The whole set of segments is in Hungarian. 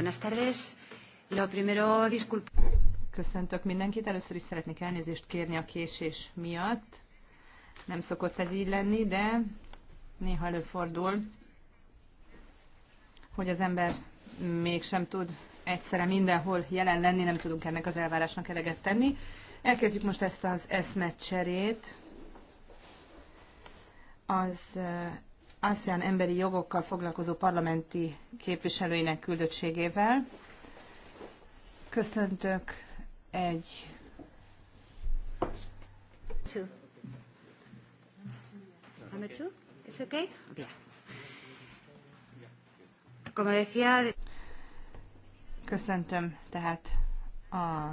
Buenas tardes. Lo primero, disculpa. Köszöntök mindenkit. Először is szeretnék elnézést kérni a késés miatt. Nem szokott ez így lenni, de néha előfordul, hogy az ember mégsem tud egyszerre mindenhol jelen lenni, nem tudunk ennek az elvárásnak eleget tenni. Elkezdjük most ezt az eszmecserét az ASEAN emberi jogokkal foglalkozó parlamenti képviselőinek küldöttségével. Köszöntök egy... Two. Number two? It's okay? Como decía... Köszöntöm tehát a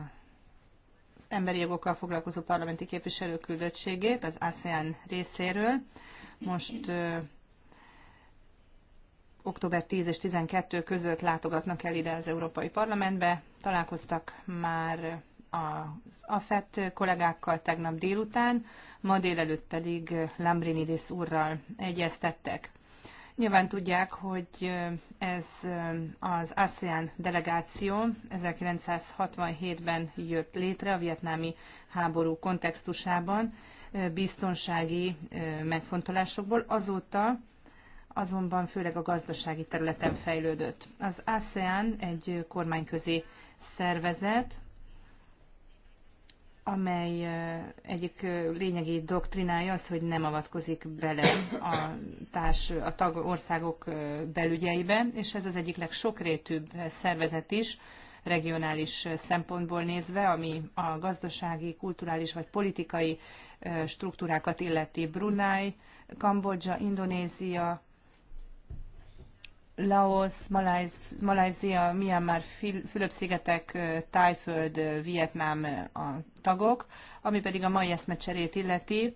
az emberi jogokkal foglalkozó parlamenti képviselő küldöttségét az ASEAN részéről. Most október 10 és 12 között látogatnak el ide az Európai Parlamentbe. Találkoztak már az AFET kollégákkal tegnap délután, ma délelőtt pedig Lambrinidis úrral egyeztettek. Nyilván tudják, hogy ez az ASEAN delegáció 1967-ben jött létre a vietnámi háború kontextusában biztonsági megfontolásokból. Azóta azonban főleg a gazdasági területen fejlődött. Az ASEAN egy kormányközi szervezet, amely egyik lényegi doktrinája az, hogy nem avatkozik bele a, társ, a tagországok belügyeibe, és ez az egyik legsokrétűbb szervezet is, regionális szempontból nézve, ami a gazdasági, kulturális vagy politikai struktúrákat illeti Brunei, Kambodzsa, Indonézia, Laos, Malajzia, Myanmar, Fülöp-szigetek, Tájföld, Vietnám a tagok, ami pedig a mai eszmecserét illeti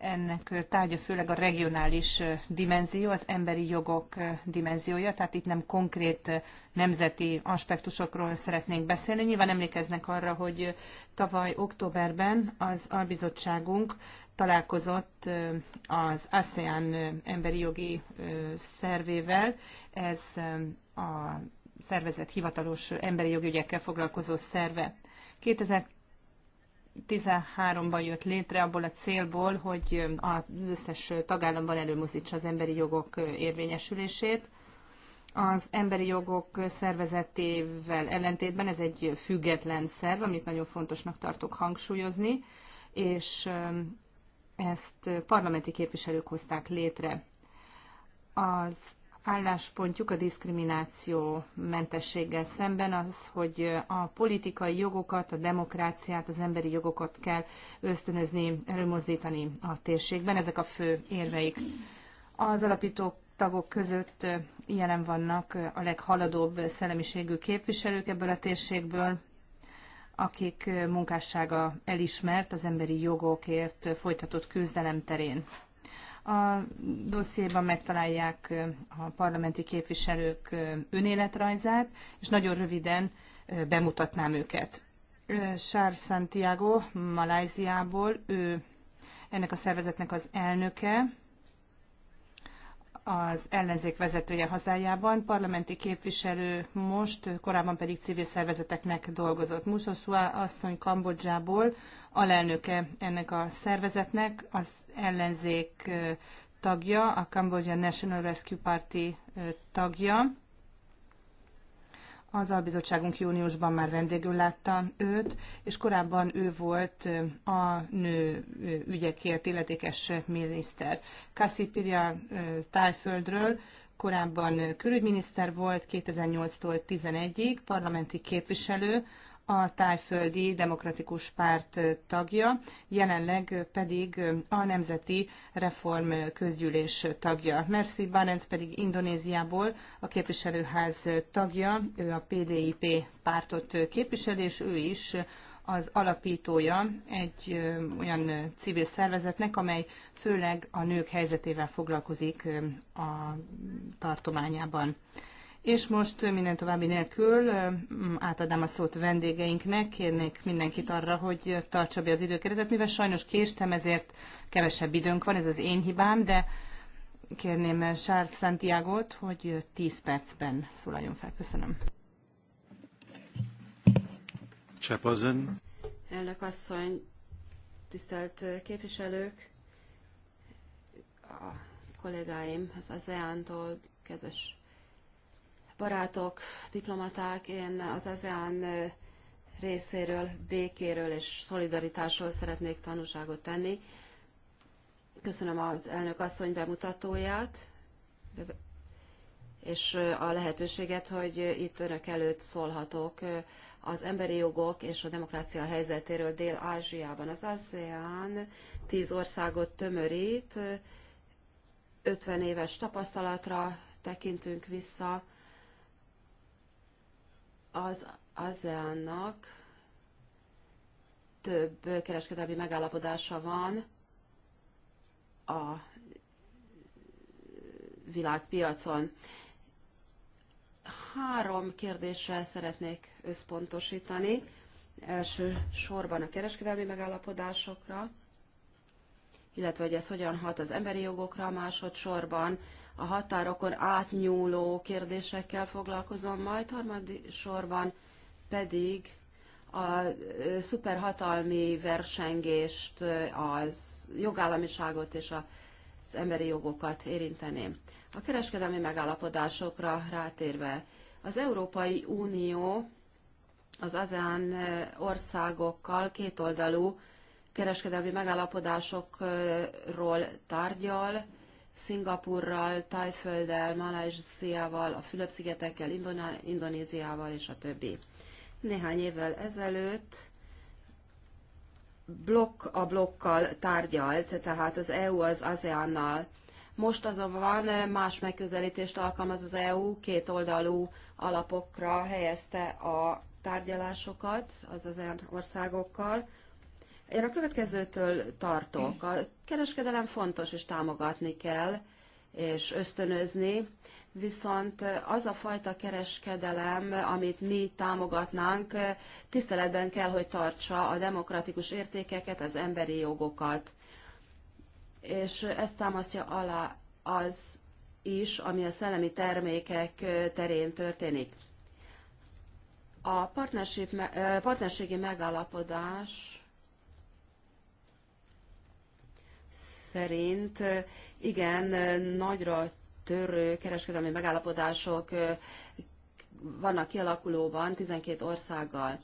ennek tárgya főleg a regionális dimenzió, az emberi jogok dimenziója, tehát itt nem konkrét nemzeti aspektusokról szeretnénk beszélni. Nyilván emlékeznek arra, hogy tavaly októberben az albizottságunk találkozott az ASEAN emberi jogi szervével. Ez a szervezet hivatalos emberi jogi ügyekkel foglalkozó szerve. 2000 13-ban jött létre abból a célból, hogy az összes tagállamban előmozdítsa az emberi jogok érvényesülését. Az emberi jogok szervezetével ellentétben ez egy független szerv, amit nagyon fontosnak tartok hangsúlyozni, és um, ezt parlamenti képviselők hozták létre. Az álláspontjuk a diszkrimináció mentességgel szemben az, hogy a politikai jogokat, a demokráciát, az emberi jogokat kell ösztönözni, előmozdítani a térségben. Ezek a fő érveik. Az alapítók tagok között jelen vannak a leghaladóbb szellemiségű képviselők ebből a térségből, akik munkássága elismert az emberi jogokért folytatott küzdelem terén. A dossziéban megtalálják a parlamenti képviselők önéletrajzát, és nagyon röviden bemutatnám őket. Sár Santiago, Malajziából, ő ennek a szervezetnek az elnöke, az ellenzék vezetője hazájában, parlamenti képviselő most, korábban pedig civil szervezeteknek dolgozott. Musoszua asszony Kambodzsából alelnöke ennek a szervezetnek, az ellenzék tagja, a Cambodia National Rescue Party tagja, az albizottságunk júniusban már vendégül látta őt, és korábban ő volt a nő ügyekért illetékes miniszter. Kassi Pirja tájföldről, korábban külügyminiszter volt 2008-tól 11-ig, parlamenti képviselő, a tájföldi demokratikus párt tagja, jelenleg pedig a Nemzeti Reform Közgyűlés tagja. Merci Barnes pedig Indonéziából a képviselőház tagja, ő a PDIP pártot képviseli, és ő is az alapítója egy olyan civil szervezetnek, amely főleg a nők helyzetével foglalkozik a tartományában. És most minden további nélkül átadnám a szót vendégeinknek, kérnék mindenkit arra, hogy tartsa be az időkeretet, mivel sajnos késtem, ezért kevesebb időnk van, ez az én hibám, de kérném Charles santiago hogy 10 percben szólaljon fel. Köszönöm. Chairperson. Elnök asszony, tisztelt képviselők, a kollégáim az ASEAN-tól, kedves barátok, diplomaták, én az ASEAN részéről, békéről és szolidaritásról szeretnék tanúságot tenni. Köszönöm az elnök asszony bemutatóját, és a lehetőséget, hogy itt önök előtt szólhatok az emberi jogok és a demokrácia helyzetéről Dél-Ázsiában. Az ASEAN tíz országot tömörít, 50 éves tapasztalatra tekintünk vissza, az ASEAN-nak több kereskedelmi megállapodása van a világpiacon. Három kérdésre szeretnék összpontosítani. Első sorban a kereskedelmi megállapodásokra, illetve hogy ez hogyan hat az emberi jogokra, másodszorban a határokon átnyúló kérdésekkel foglalkozom, majd harmadik sorban pedig a szuperhatalmi versengést, az jogállamiságot és az emberi jogokat érinteném. A kereskedelmi megállapodásokra rátérve, az Európai Unió az ASEAN országokkal kétoldalú kereskedelmi megállapodásokról tárgyal, Szingapurral, Tajfölddel, Malajziával, a Fülöp-szigetekkel, Indonéziával és a többi. Néhány évvel ezelőtt blokk a blokkal tárgyalt, tehát az EU az ASEAN-nal. Most azonban más megközelítést alkalmaz az EU, két oldalú alapokra helyezte a tárgyalásokat az ASEAN országokkal, én a következőtől tartok. A kereskedelem fontos, és támogatni kell, és ösztönözni, viszont az a fajta kereskedelem, amit mi támogatnánk, tiszteletben kell, hogy tartsa a demokratikus értékeket, az emberi jogokat. És ezt támasztja alá az is, ami a szellemi termékek terén történik. A partnerségi megállapodás szerint igen, nagyra törő kereskedelmi megállapodások vannak kialakulóban 12 országgal.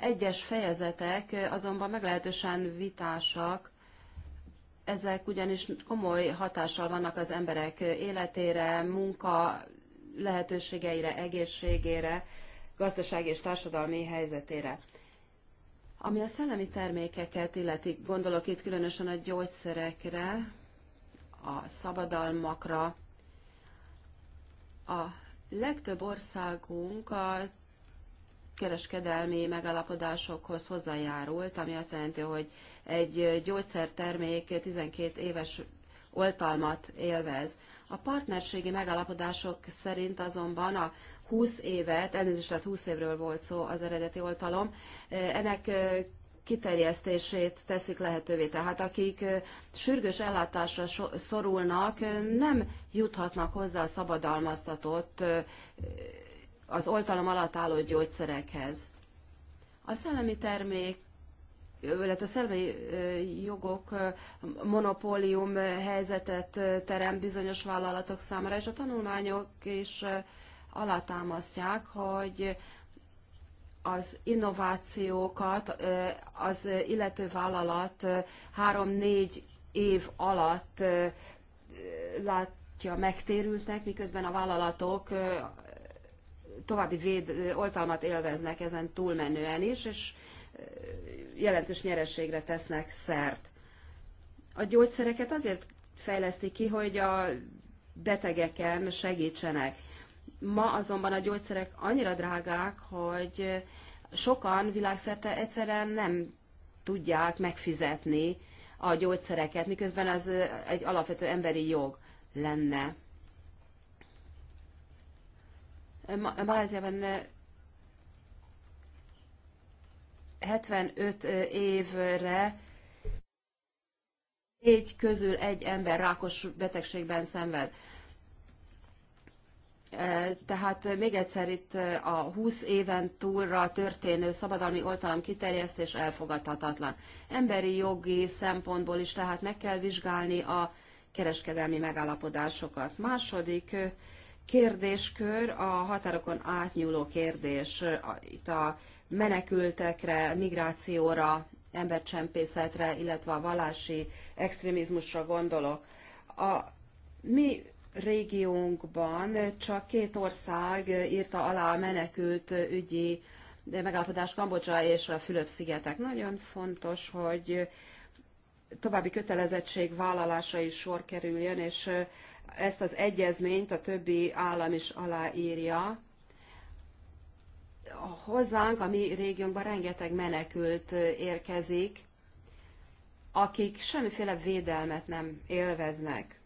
Egyes fejezetek azonban meglehetősen vitásak, ezek ugyanis komoly hatással vannak az emberek életére, munka lehetőségeire, egészségére, gazdasági és társadalmi helyzetére. Ami a szellemi termékeket illeti, gondolok itt különösen a gyógyszerekre, a szabadalmakra. A legtöbb országunk a kereskedelmi megalapodásokhoz hozzájárult, ami azt jelenti, hogy egy gyógyszertermék 12 éves oltalmat élvez. A partnerségi megalapodások szerint azonban a 20 évet, elnézést, tehát 20 évről volt szó az eredeti oltalom, ennek kiterjesztését teszik lehetővé. Tehát akik sürgős ellátásra szorulnak, nem juthatnak hozzá a szabadalmaztatott az oltalom alatt álló gyógyszerekhez. A szellemi termék illetve a szellemi jogok monopólium helyzetet terem bizonyos vállalatok számára, és a tanulmányok is alátámasztják, hogy az innovációkat az illető vállalat három-négy év alatt látja megtérültnek, miközben a vállalatok további véd, oltalmat élveznek ezen túlmenően is, és jelentős nyerességre tesznek szert. A gyógyszereket azért fejlesztik ki, hogy a betegeken segítsenek. Ma azonban a gyógyszerek annyira drágák, hogy sokan világszerte egyszerűen nem tudják megfizetni a gyógyszereket, miközben az egy alapvető emberi jog lenne. Maláziában 75 eh, eh, évre négy közül egy ember rákos betegségben szenved. Tehát még egyszer itt a 20 éven túlra történő szabadalmi oltalom kiterjesztés elfogadhatatlan. Emberi jogi szempontból is tehát meg kell vizsgálni a kereskedelmi megállapodásokat. Második kérdéskör a határokon átnyúló kérdés. Itt a menekültekre, migrációra, embercsempészetre, illetve a vallási extrémizmusra gondolok. A mi régiónkban csak két ország írta alá a menekült ügyi megállapodás Kambodzsa és a Fülöp-szigetek. Nagyon fontos, hogy további kötelezettség vállalása is sor kerüljön, és ezt az egyezményt a többi állam is aláírja. hozzánk, a mi régiónkban rengeteg menekült érkezik, akik semmiféle védelmet nem élveznek.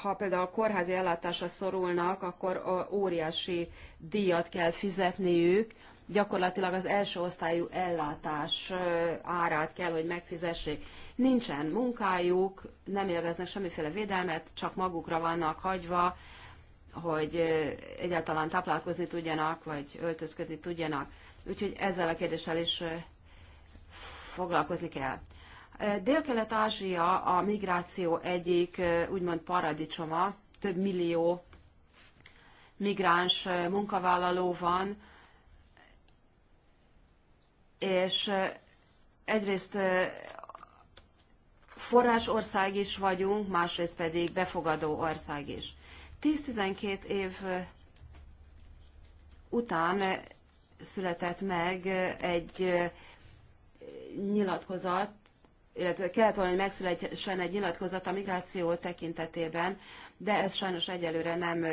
ha például a kórházi ellátásra szorulnak, akkor óriási díjat kell fizetniük, gyakorlatilag az első osztályú ellátás árát kell, hogy megfizessék. Nincsen munkájuk, nem élveznek semmiféle védelmet, csak magukra vannak hagyva, hogy egyáltalán táplálkozni tudjanak, vagy öltözködni tudjanak. Úgyhogy ezzel a kérdéssel is foglalkozni kell. Dél-Kelet-Ázsia a migráció egyik úgymond paradicsoma, több millió migráns munkavállaló van, és egyrészt forrásország is vagyunk, másrészt pedig befogadó ország is. 10-12 év után született meg egy nyilatkozat, illetve kellett volna, hogy megszülessen egy nyilatkozat a migráció tekintetében, de ez sajnos egyelőre nem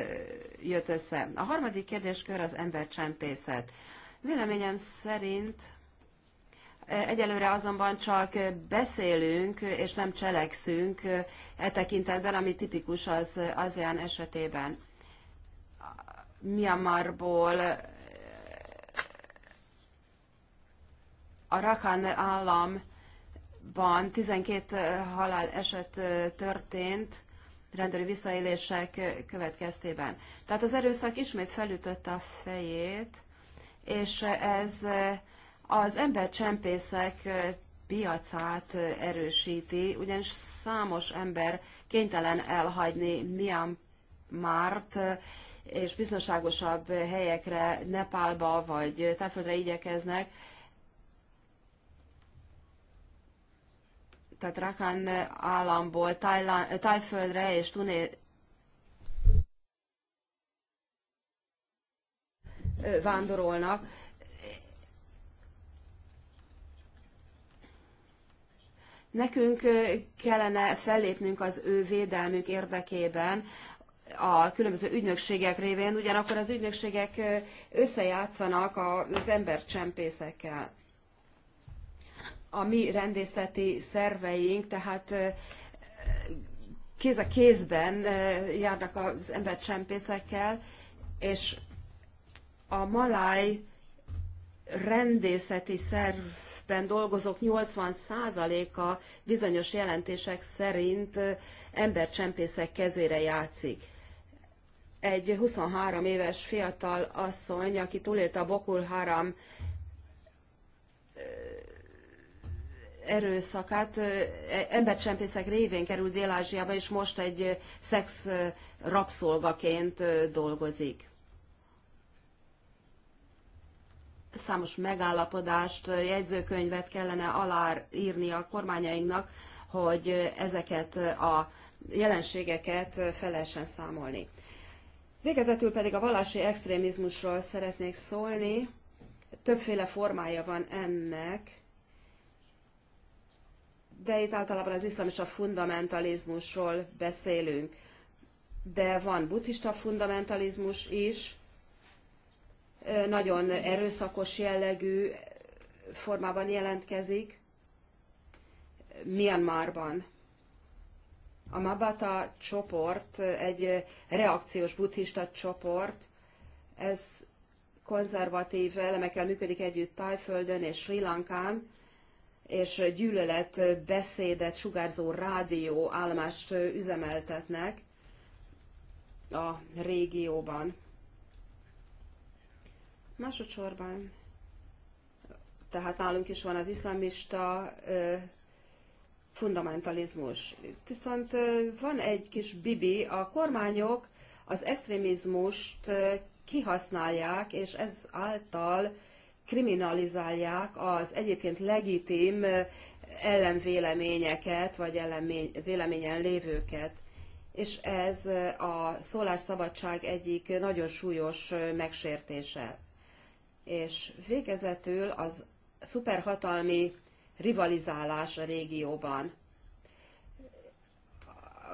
jött össze. A harmadik kérdéskör az embercsempészet. Véleményem szerint Egyelőre azonban csak beszélünk és nem cselekszünk e tekintetben, ami tipikus az ASEAN esetében. Myanmarból a Rakhine állam ban 12 halál eset történt rendőri visszaélések következtében. Tehát az erőszak ismét felütötte a fejét, és ez az embercsempészek piacát erősíti, ugyanis számos ember kénytelen elhagyni Myanmart, és biztonságosabb helyekre, Nepálba vagy Tájföldre igyekeznek, tehát Rakhine államból Tájföldre és Tuné vándorolnak. Nekünk kellene fellépnünk az ő védelmük érdekében, a különböző ügynökségek révén, ugyanakkor az ügynökségek összejátszanak az embercsempészekkel a mi rendészeti szerveink, tehát kéz a kézben járnak az embercsempészekkel, és a maláj rendészeti szervben dolgozók 80%-a bizonyos jelentések szerint embercsempészek kezére játszik. Egy 23 éves fiatal asszony, aki túlélte a Bokul Haram erőszakát e, embercsempészek révén került Dél-Ázsiába, és most egy szex rabszolgaként dolgozik. Számos megállapodást, jegyzőkönyvet kellene aláírni a kormányainknak, hogy ezeket a jelenségeket fel lehessen számolni. Végezetül pedig a vallási extrémizmusról szeretnék szólni. Többféle formája van ennek de itt általában az iszlamista fundamentalizmusról beszélünk. De van buddhista fundamentalizmus is, nagyon erőszakos jellegű formában jelentkezik Myanmarban. A Mabata csoport, egy reakciós buddhista csoport, ez konzervatív elemekkel működik együtt Tájföldön és Sri Lankán, és gyűlölet beszédet sugárzó rádió állomást üzemeltetnek a régióban. Másodszorban, tehát nálunk is van az iszlamista fundamentalizmus. Viszont van egy kis bibi, a kormányok az extrémizmust kihasználják, és ez által kriminalizálják az egyébként legitim ellenvéleményeket, vagy ellenvéleményen lévőket. És ez a szólásszabadság egyik nagyon súlyos megsértése. És végezetül az szuperhatalmi rivalizálás a régióban.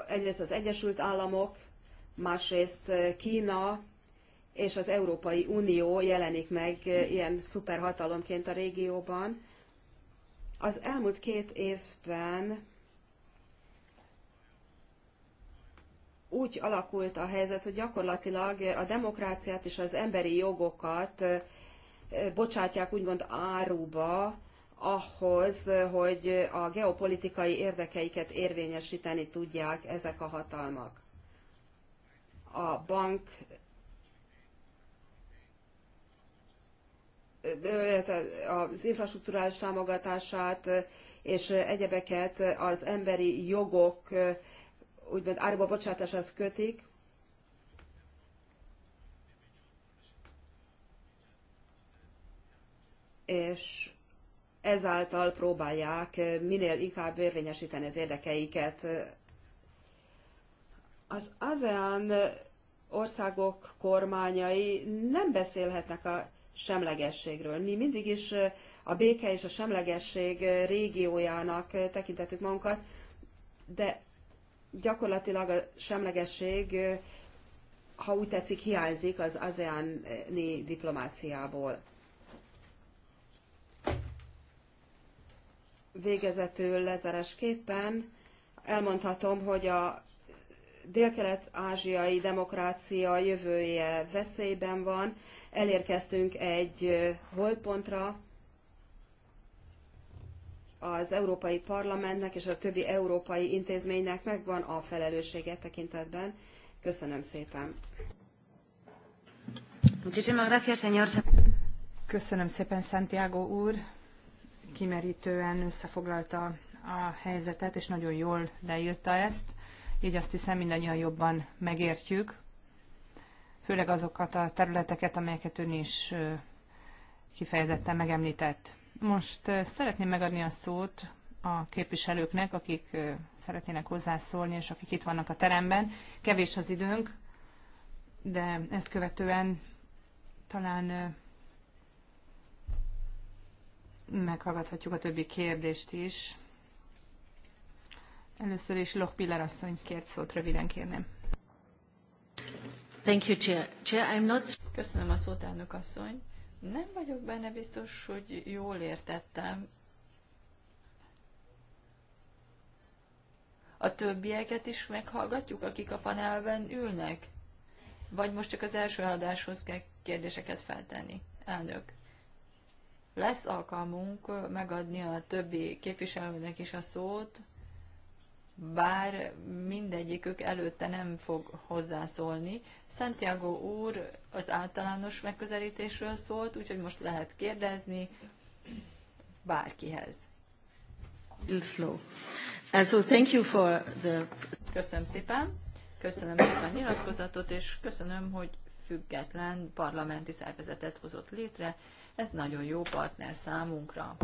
Egyrészt az Egyesült Államok, másrészt Kína, és az Európai Unió jelenik meg eh, ilyen szuperhatalomként a régióban. Az elmúlt két évben úgy alakult a helyzet, hogy gyakorlatilag a demokráciát és az emberi jogokat eh, eh, bocsátják úgymond áruba ahhoz, hogy a geopolitikai érdekeiket érvényesíteni tudják ezek a hatalmak. A bank az infrastruktúrális támogatását és egyebeket az emberi jogok úgymond árba bocsátáshoz kötik. És ezáltal próbálják minél inkább érvényesíteni az érdekeiket. Az ASEAN országok kormányai nem beszélhetnek a semlegességről. Mi mindig is a béke és a semlegesség régiójának tekintettük magunkat, de gyakorlatilag a semlegesség, ha úgy tetszik, hiányzik az ASEAN-i diplomáciából. Végezetül lezeresképpen elmondhatom, hogy a délkelet ázsiai demokrácia jövője veszélyben van. Elérkeztünk egy holpontra az Európai Parlamentnek és a többi európai intézménynek megvan a felelőssége tekintetben. Köszönöm szépen. Köszönöm szépen, Santiago úr. Kimerítően összefoglalta a helyzetet, és nagyon jól leírta ezt így azt hiszem mindannyian jobban megértjük, főleg azokat a területeket, amelyeket ön is kifejezetten megemlített. Most szeretném megadni a szót a képviselőknek, akik szeretnének hozzászólni, és akik itt vannak a teremben. Kevés az időnk, de ezt követően talán meghallgathatjuk a többi kérdést is, Először is Loch Pillar asszony kért szót, röviden kérném. Thank you, Chair. Chair, I'm not... Köszönöm a szót, elnök asszony. Nem vagyok benne biztos, hogy jól értettem. A többieket is meghallgatjuk, akik a panelben ülnek? Vagy most csak az első adáshoz kell kérdéseket feltenni? Elnök. Lesz alkalmunk megadni a többi képviselőnek is a szót, bár mindegyikük előtte nem fog hozzászólni. Santiago úr az általános megközelítésről szólt, úgyhogy most lehet kérdezni bárkihez. Uh, thank you for the... Köszönöm szépen, köszönöm szépen a nyilatkozatot, és köszönöm, hogy független parlamenti szervezetet hozott létre. Ez nagyon jó partner számunkra.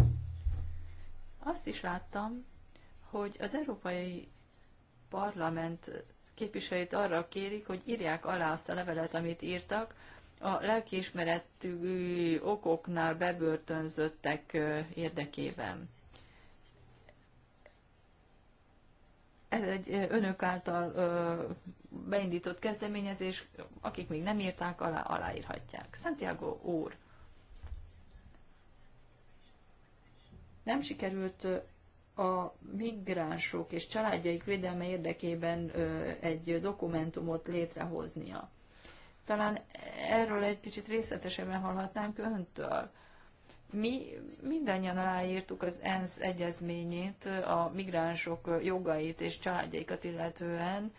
Azt is láttam, hogy az Európai Parlament képviselőit arra kérik, hogy írják alá azt a levelet, amit írtak, a lelkiismeretű okoknál bebörtönzöttek érdekében. Ez egy önök által beindított kezdeményezés, akik még nem írták alá, aláírhatják. Santiago úr, nem sikerült a migránsok és családjaik védelme érdekében egy dokumentumot létrehoznia. Talán erről egy kicsit részletesebben hallhatnánk öntől. Mi mindannyian aláírtuk az ENSZ egyezményét a migránsok jogait és családjaikat illetően,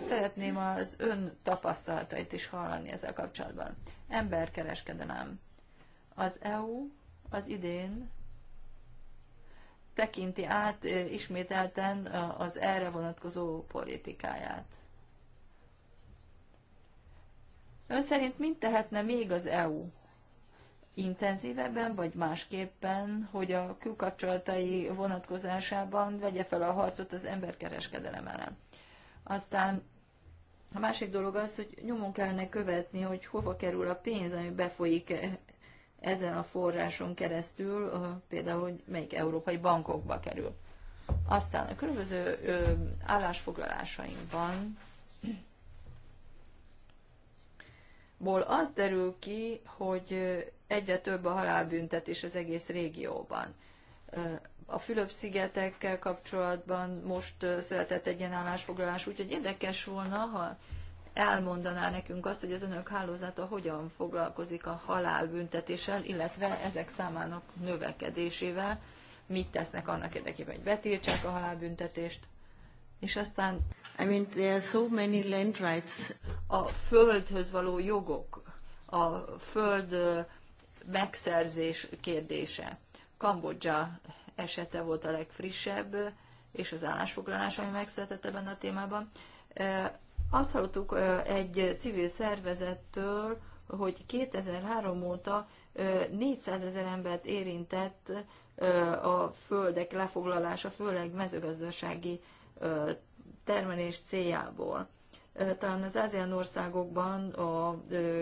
Szeretném az ön tapasztalatait is hallani ezzel kapcsolatban. Emberkereskedelem. Az EU az idén tekinti át ismételten az erre vonatkozó politikáját. Ön szerint mit tehetne még az EU? Intenzívebben vagy másképpen, hogy a külkapcsolatai vonatkozásában vegye fel a harcot az emberkereskedelem ellen. Aztán a másik dolog az, hogy nyomon kellene követni, hogy hova kerül a pénz, ami befolyik e- ezen a forráson keresztül, például, hogy melyik európai bankokba kerül. Aztán a különböző állásfoglalásainkban ból az derül ki, hogy egyre több a halálbüntetés az egész régióban a Fülöp-szigetekkel kapcsolatban most született egy ilyen állásfoglalás, úgyhogy érdekes volna, ha elmondaná nekünk azt, hogy az önök hálózata hogyan foglalkozik a halálbüntetéssel, illetve ezek számának növekedésével, mit tesznek annak érdekében, hogy betiltsák a halálbüntetést, és aztán I mean, there are so many land rights. a földhöz való jogok, a föld megszerzés kérdése. Kambodzsa esete volt a legfrissebb, és az állásfoglalás, ami megszületett ebben a témában. Azt hallottuk egy civil szervezettől, hogy 2003 óta 400 ezer embert érintett a földek lefoglalása, főleg mezőgazdasági termelés céljából. Talán az ASEAN országokban a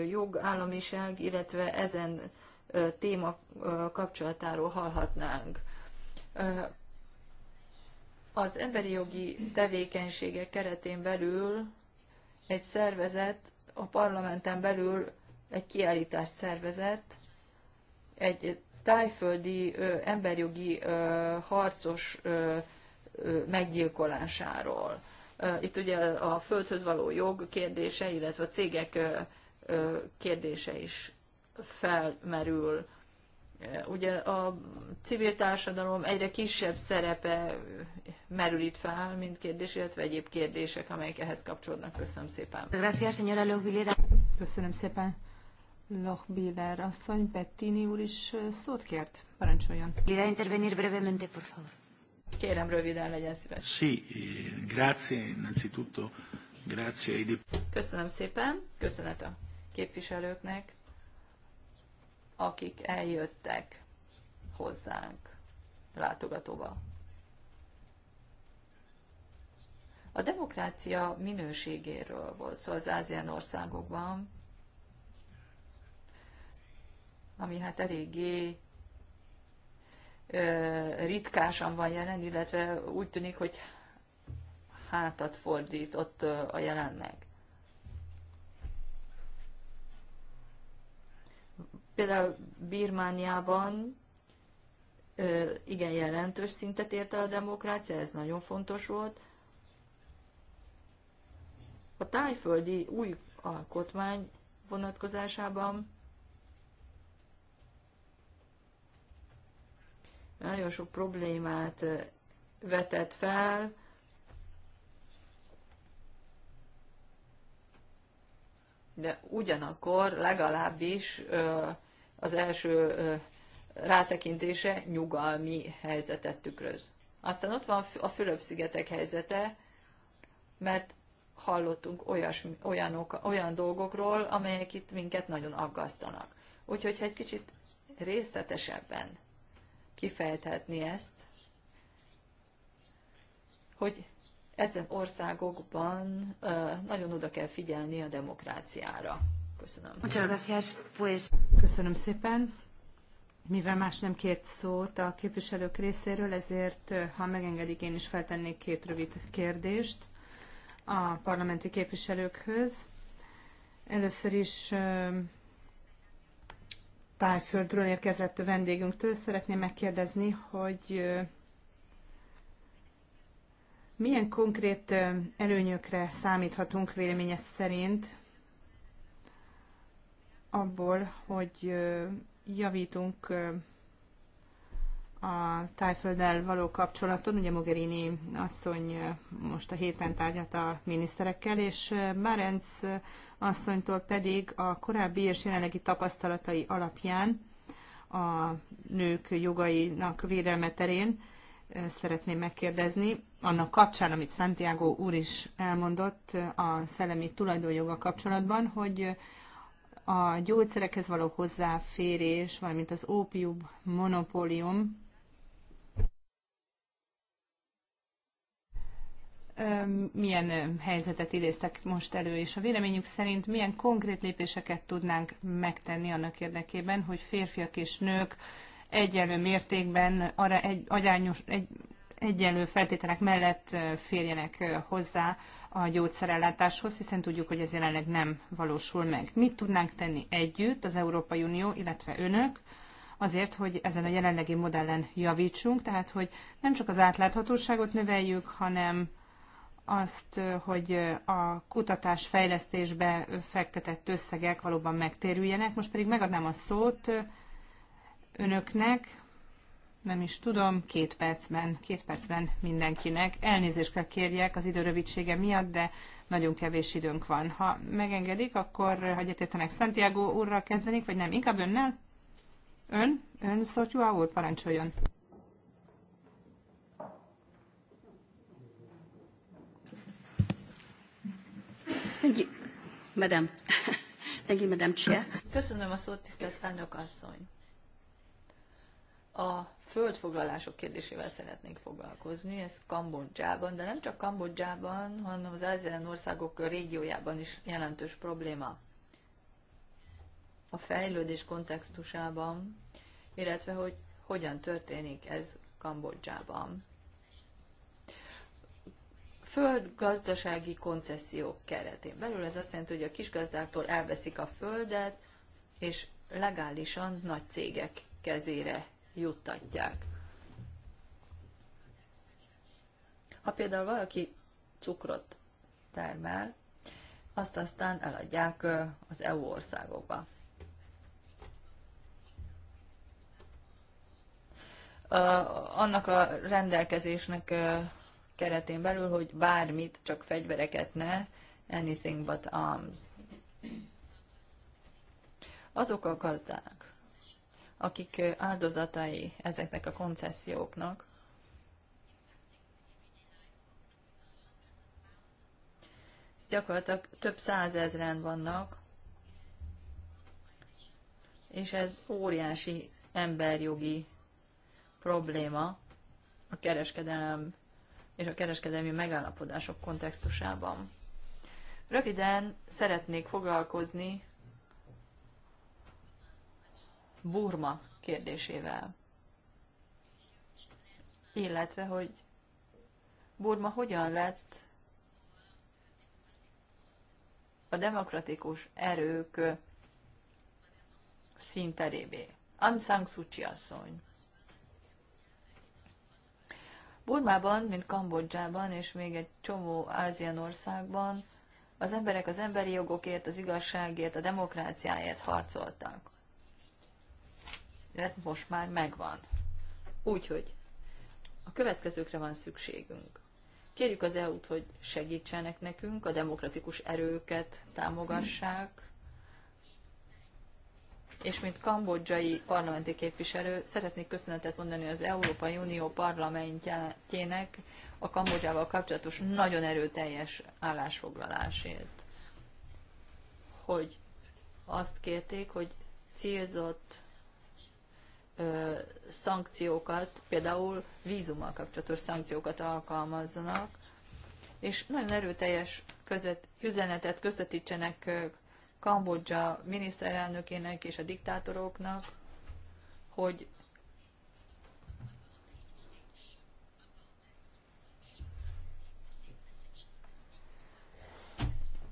jogállamiság, illetve ezen téma kapcsolatáról hallhatnánk. Az emberi jogi tevékenységek keretén belül egy szervezet, a parlamenten belül egy kiállítást szervezett, egy tájföldi ö, emberjogi ö, harcos ö, ö, meggyilkolásáról. Ö, itt ugye a földhöz való jog kérdése, illetve a cégek ö, ö, kérdése is felmerül. Ugye a civil társadalom egyre kisebb szerepe merül itt fel, mint kérdés, illetve egyéb kérdések, amelyek ehhez kapcsolódnak. Köszönöm szépen. Köszönöm szépen. Lochbiller asszony, Bettini úr is szót kért. Parancsoljon. intervenir brevemente, por favor. Kérem, röviden legyen szíves. Sí, eh, grazie, innanzitutto. Grazie. Köszönöm szépen. Köszönet a képviselőknek akik eljöttek hozzánk látogatóba. A demokrácia minőségéről volt szó az Ázsián országokban, ami hát eléggé ö, ritkásan van jelen, illetve úgy tűnik, hogy hátat fordított a jelennek. Például Birmániában igen jelentős szintet ért el a demokrácia, ez nagyon fontos volt. A tájföldi új alkotmány vonatkozásában nagyon sok problémát vetett fel, de ugyanakkor legalábbis az első rátekintése nyugalmi helyzetet tükröz. Aztán ott van a Fülöp-szigetek helyzete, mert hallottunk olyas, olyanok, olyan dolgokról, amelyek itt minket nagyon aggasztanak. Úgyhogy, ha egy kicsit részletesebben kifejthetni ezt, hogy ezen országokban nagyon oda kell figyelni a demokráciára. Köszönöm. Köszönöm szépen. Mivel más nem kért szót a képviselők részéről, ezért, ha megengedik, én is feltennék két rövid kérdést a parlamenti képviselőkhöz. Először is tájföldről érkezett vendégünktől szeretném megkérdezni, hogy milyen konkrét előnyökre számíthatunk véleménye szerint abból, hogy javítunk a tájfölddel való kapcsolaton. Ugye Mogherini asszony most a héten tárgyalt a miniszterekkel, és Márenc asszonytól pedig a korábbi és jelenlegi tapasztalatai alapján a nők jogainak védelme terén szeretném megkérdezni, annak kapcsán, amit Santiago úr is elmondott a szellemi tulajdonjoga kapcsolatban, hogy a gyógyszerekhez való hozzáférés, valamint az ópium monopólium milyen helyzetet idéztek most elő, és a véleményük szerint milyen konkrét lépéseket tudnánk megtenni annak érdekében, hogy férfiak és nők egyenlő mértékben, arra egy, agyányos, egy, egyenlő feltételek mellett férjenek hozzá a gyógyszerellátáshoz, hiszen tudjuk, hogy ez jelenleg nem valósul meg. Mit tudnánk tenni együtt az Európai Unió, illetve önök, azért, hogy ezen a jelenlegi modellen javítsunk, tehát hogy nem csak az átláthatóságot növeljük, hanem azt, hogy a kutatás fejlesztésbe fektetett összegek valóban megtérüljenek. Most pedig megadnám a szót önöknek, nem is tudom, két percben, két percben mindenkinek. Elnézést kell kérjek az idő rövidsége miatt, de nagyon kevés időnk van. Ha megengedik, akkor egyetértenek Santiago úrral kezdenék, vagy nem, inkább önnel? Ön? Ön Szortyúá úr, parancsoljon. Thank you, madam. Thank you, madam chair. Köszönöm a szót, tisztelt elnök asszony a földfoglalások kérdésével szeretnék foglalkozni, ez Kambodzsában, de nem csak Kambodzsában, hanem az ASEAN országok régiójában is jelentős probléma. A fejlődés kontextusában, illetve hogy hogyan történik ez Kambodzsában. Földgazdasági koncesziók keretén belül ez azt jelenti, hogy a kisgazdáktól elveszik a földet, és legálisan nagy cégek kezére juttatják. Ha például valaki cukrot termel, azt aztán eladják az EU országokba. Annak a rendelkezésnek keretén belül, hogy bármit, csak fegyvereket ne, anything but arms. Azok a gazdák, akik áldozatai ezeknek a koncesszióknak. Gyakorlatilag több százezren vannak, és ez óriási emberjogi probléma a kereskedelem és a kereskedelmi megállapodások kontextusában. Röviden szeretnék foglalkozni Burma kérdésével. Illetve, hogy Burma hogyan lett a demokratikus erők színterévé. Aung San Suu Kyi asszony. Burmában, mint Kambodzsában és még egy csomó Ázien országban az emberek az emberi jogokért, az igazságért, a demokráciáért harcoltak ez most már megvan. Úgyhogy a következőkre van szükségünk. Kérjük az EU-t, hogy segítsenek nekünk, a demokratikus erőket támogassák, és mint kambodzsai parlamenti képviselő szeretnék köszönetet mondani az Európai Unió parlamentjének a Kambodzsával kapcsolatos nagyon erőteljes állásfoglalásért, hogy azt kérték, hogy célzott szankciókat, például vízummal kapcsolatos szankciókat alkalmazzanak, és nagyon erőteljes között, üzenetet közvetítsenek Kambodzsa miniszterelnökének és a diktátoroknak, hogy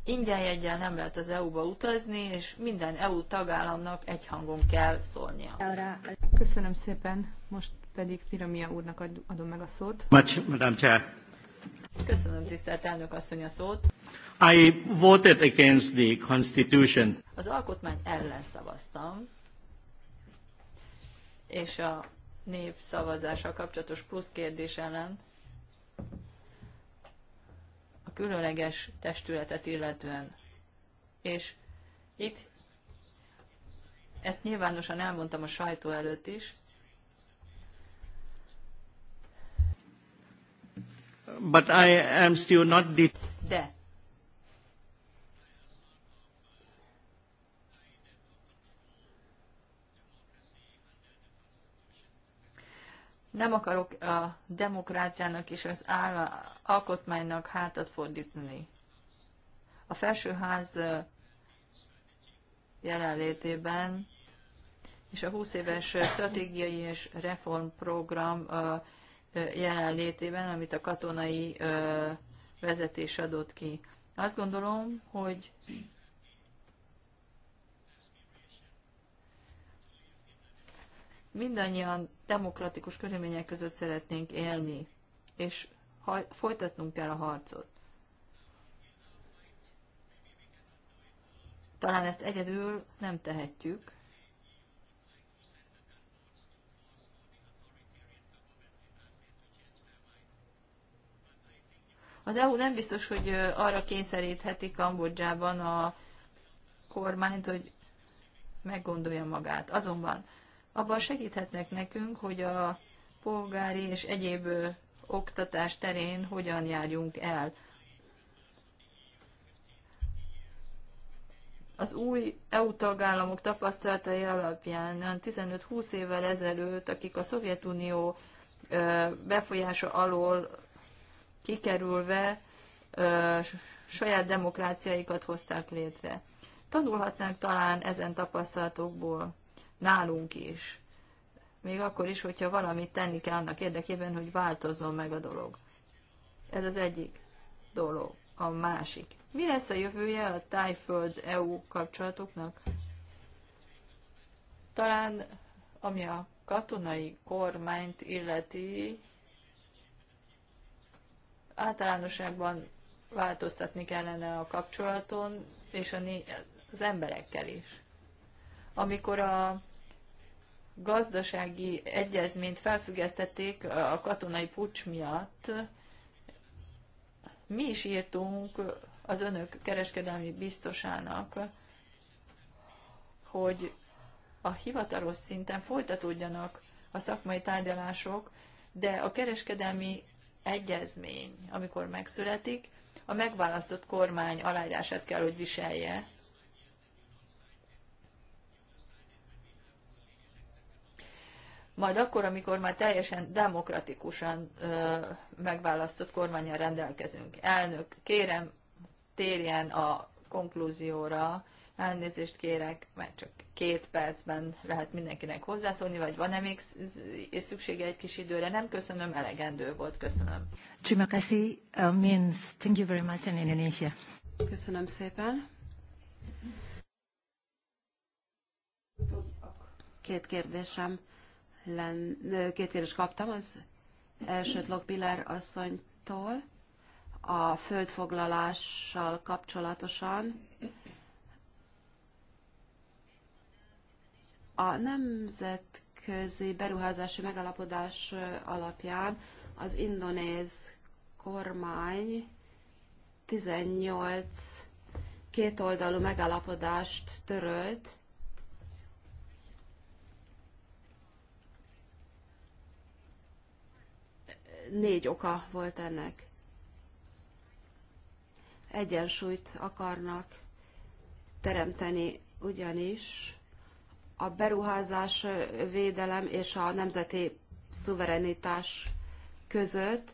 ingyen jegyel nem lehet az EU-ba utazni, és minden EU tagállamnak egy hangon kell szólnia. Köszönöm szépen, most pedig Piramia úrnak adom meg a szót. Much, Madam Köszönöm, tisztelt elnök asszony a szót. I voted against the constitution. Az alkotmány ellen szavaztam, és a népszavazással kapcsolatos plusz kérdés ellen, különleges testületet illetően. És itt ezt nyilvánosan elmondtam a sajtó előtt is. But I am still not the... De Nem akarok a demokráciának és az alkotmánynak hátat fordítani. A felsőház jelenlétében és a 20 éves stratégiai és reformprogram jelenlétében, amit a katonai vezetés adott ki. Azt gondolom, hogy Mindannyian demokratikus körülmények között szeretnénk élni, és folytatnunk kell a harcot. Talán ezt egyedül nem tehetjük, Az EU nem biztos, hogy arra kényszerítheti Kambodzsában a kormányt, hogy meggondolja magát. Azonban abban segíthetnek nekünk, hogy a polgári és egyéb oktatás terén hogyan járjunk el. Az új EU tagállamok tapasztalatai alapján 15-20 évvel ezelőtt, akik a Szovjetunió befolyása alól kikerülve saját demokráciáikat hozták létre. Tanulhatnánk talán ezen tapasztalatokból nálunk is. Még akkor is, hogyha valamit tenni kell annak érdekében, hogy változzon meg a dolog. Ez az egyik dolog. A másik. Mi lesz a jövője a Tájföld-EU kapcsolatoknak? Talán ami a katonai kormányt illeti, általánosságban változtatni kellene a kapcsolaton, és a, az emberekkel is amikor a gazdasági egyezményt felfüggesztették a katonai pucs miatt, mi is írtunk az önök kereskedelmi biztosának, hogy a hivatalos szinten folytatódjanak a szakmai tárgyalások, de a kereskedelmi egyezmény, amikor megszületik, a megválasztott kormány aláírását kell, hogy viselje, majd akkor, amikor már teljesen demokratikusan ö, megválasztott kormányjal rendelkezünk. Elnök, kérem, térjen a konklúzióra, elnézést kérek, mert csak két percben lehet mindenkinek hozzászólni, vagy van-e még szüksége egy kis időre? Nem köszönöm, elegendő volt, köszönöm. Uh, thank you very much in Indonesia. Köszönöm szépen. Két kérdésem len két kérdést kaptam az elsőt Lokbiller asszonytól a földfoglalással kapcsolatosan. A nemzetközi beruházási megalapodás alapján az indonéz kormány 18 kétoldalú megalapodást törölt négy oka volt ennek. Egyensúlyt akarnak teremteni ugyanis a beruházás védelem és a nemzeti szuverenitás között,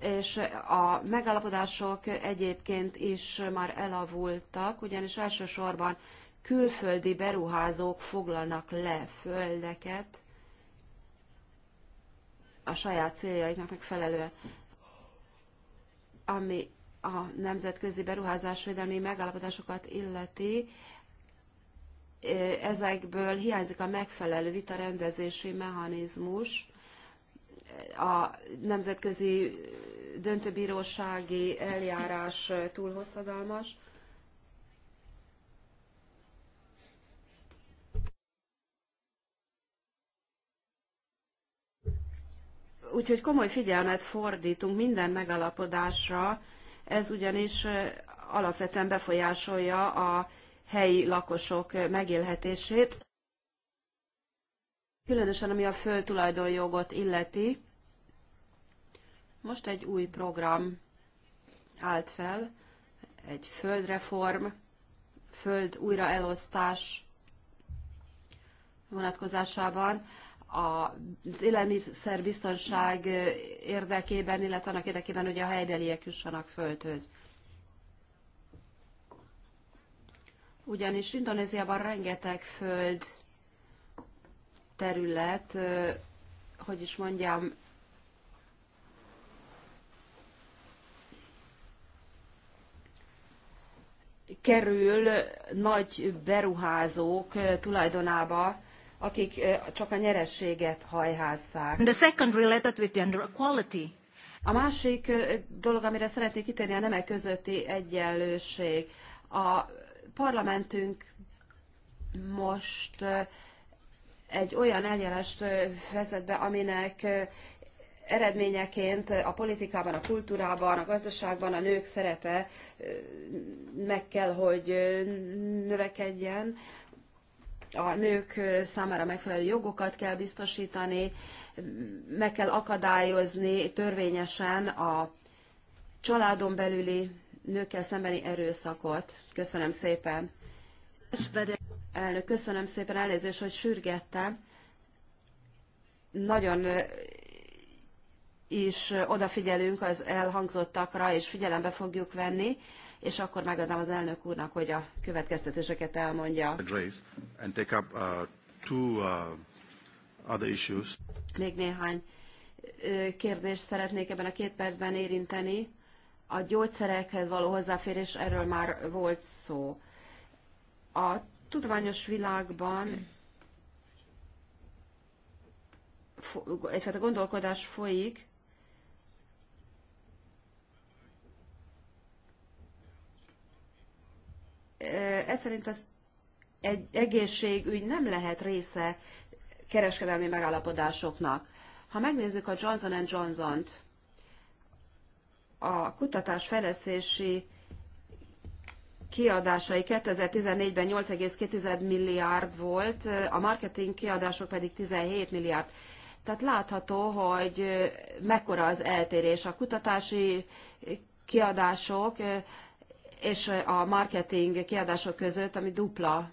és a megállapodások egyébként is már elavultak, ugyanis elsősorban külföldi beruházók foglalnak le földeket, a saját céljaiknak megfelelően. Ami a nemzetközi beruházásvédelmi megállapodásokat illeti, ezekből hiányzik a megfelelő vitarendezési mechanizmus, a nemzetközi döntőbírósági eljárás túl hosszadalmas, Úgyhogy komoly figyelmet fordítunk minden megalapodásra, ez ugyanis alapvetően befolyásolja a helyi lakosok megélhetését, különösen ami a földtulajdonjogot illeti. Most egy új program állt fel, egy földreform, föld újraelosztás vonatkozásában az élelmiszerbiztonság érdekében, illetve annak érdekében, hogy a helybeliek jussanak földhöz. Ugyanis Indonéziában rengeteg föld terület, hogy is mondjam, kerül nagy beruházók tulajdonába, akik csak a nyerességet hajházzák. And the second related with gender equality. A másik dolog, amire szeretnék kitérni, a nemek közötti egyenlőség. A parlamentünk most egy olyan eljárást vezet be, aminek eredményeként a politikában, a kultúrában, a gazdaságban a nők szerepe meg kell, hogy növekedjen a nők számára megfelelő jogokat kell biztosítani, meg kell akadályozni törvényesen a családon belüli nőkkel szembeni erőszakot. Köszönöm szépen. Elnök, köszönöm szépen, elnézést, hogy sürgettem. Nagyon is odafigyelünk az elhangzottakra, és figyelembe fogjuk venni és akkor megadnám az elnök úrnak, hogy a következtetéseket elmondja. Uh, uh, Még néhány kérdést szeretnék ebben a két percben érinteni. A gyógyszerekhez való hozzáférés, erről már volt szó. A tudományos világban egyfajta gondolkodás folyik, Ez szerint az egy egészségügy nem lehet része kereskedelmi megállapodásoknak. Ha megnézzük a Johnson Johnson-t, a kutatás fejlesztési kiadásai 2014-ben 8,2 milliárd volt, a marketing kiadások pedig 17 milliárd. Tehát látható, hogy mekkora az eltérés. A kutatási kiadások és a marketing kiadások között, ami dupla,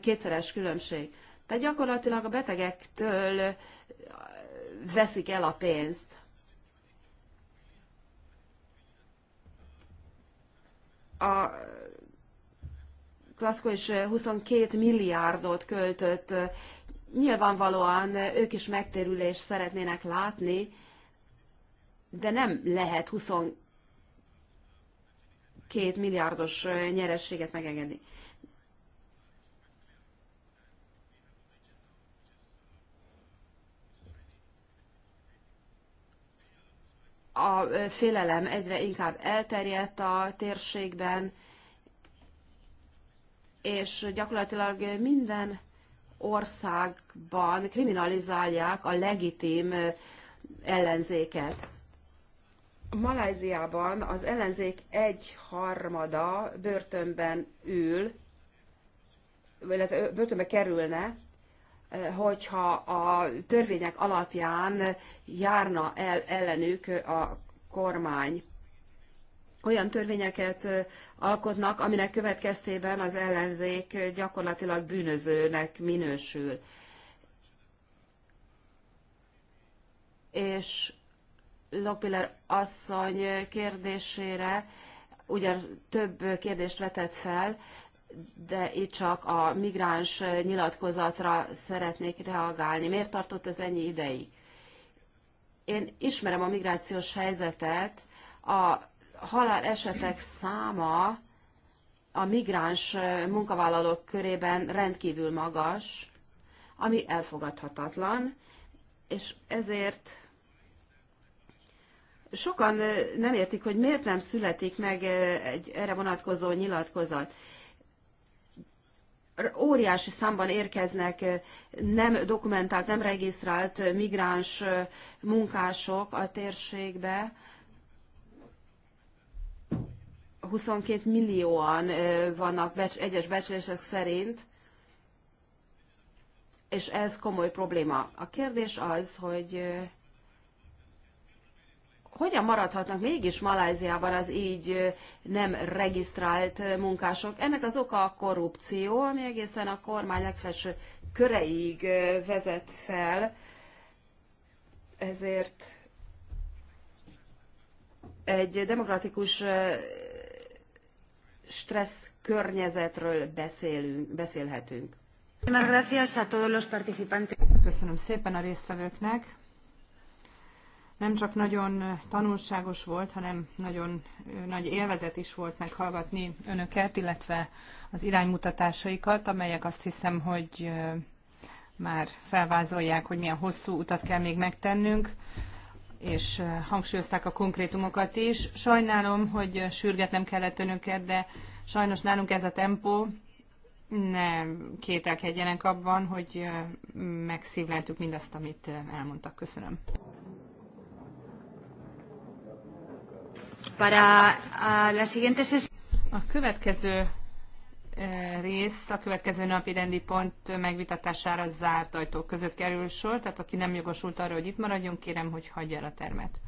kétszeres különbség. Tehát gyakorlatilag a betegektől veszik el a pénzt. A Klaszko is 22 milliárdot költött. Nyilvánvalóan ők is megtérülést szeretnének látni, de nem lehet 22 két milliárdos nyerességet megengedni. A félelem egyre inkább elterjedt a térségben, és gyakorlatilag minden országban kriminalizálják a legitim ellenzéket. Maláziában az ellenzék egy harmada börtönben ül, illetve börtönbe kerülne, eh, hogyha a törvények alapján járna el ellenük a kormány. Olyan törvényeket eh, alkotnak, aminek következtében az ellenzék gyakorlatilag bűnözőnek minősül. És Lokpiller asszony kérdésére ugyan több kérdést vetett fel, de itt csak a migráns nyilatkozatra szeretnék reagálni. Miért tartott ez ennyi ideig? Én ismerem a migrációs helyzetet, a halál esetek száma a migráns munkavállalók körében rendkívül magas, ami elfogadhatatlan, és ezért sokan nem értik, hogy miért nem születik meg egy erre vonatkozó nyilatkozat. Óriási számban érkeznek nem dokumentált, nem regisztrált migráns munkások a térségbe. 22 millióan vannak egyes becslések szerint, és ez komoly probléma. A kérdés az, hogy hogyan maradhatnak mégis Malajziában az így nem regisztrált munkások? Ennek az oka a korrupció, ami egészen a kormány legfelső köreig vezet fel, ezért egy demokratikus stressz környezetről beszélünk, beszélhetünk. Köszönöm szépen a résztvevőknek nem csak nagyon tanulságos volt, hanem nagyon nagy élvezet is volt meghallgatni önöket, illetve az iránymutatásaikat, amelyek azt hiszem, hogy már felvázolják, hogy milyen hosszú utat kell még megtennünk, és hangsúlyozták a konkrétumokat is. Sajnálom, hogy sürgetnem kellett önöket, de sajnos nálunk ez a tempó, ne kételkedjenek abban, hogy megszívleltük mindazt, amit elmondtak. Köszönöm. Para la siguiente sesión. A következő eh, rész a következő napi rendi pont megvitatására zárt ajtók között kerül sor, tehát aki nem jogosult arra, hogy itt maradjon, kérem, hogy hagyja el a termet.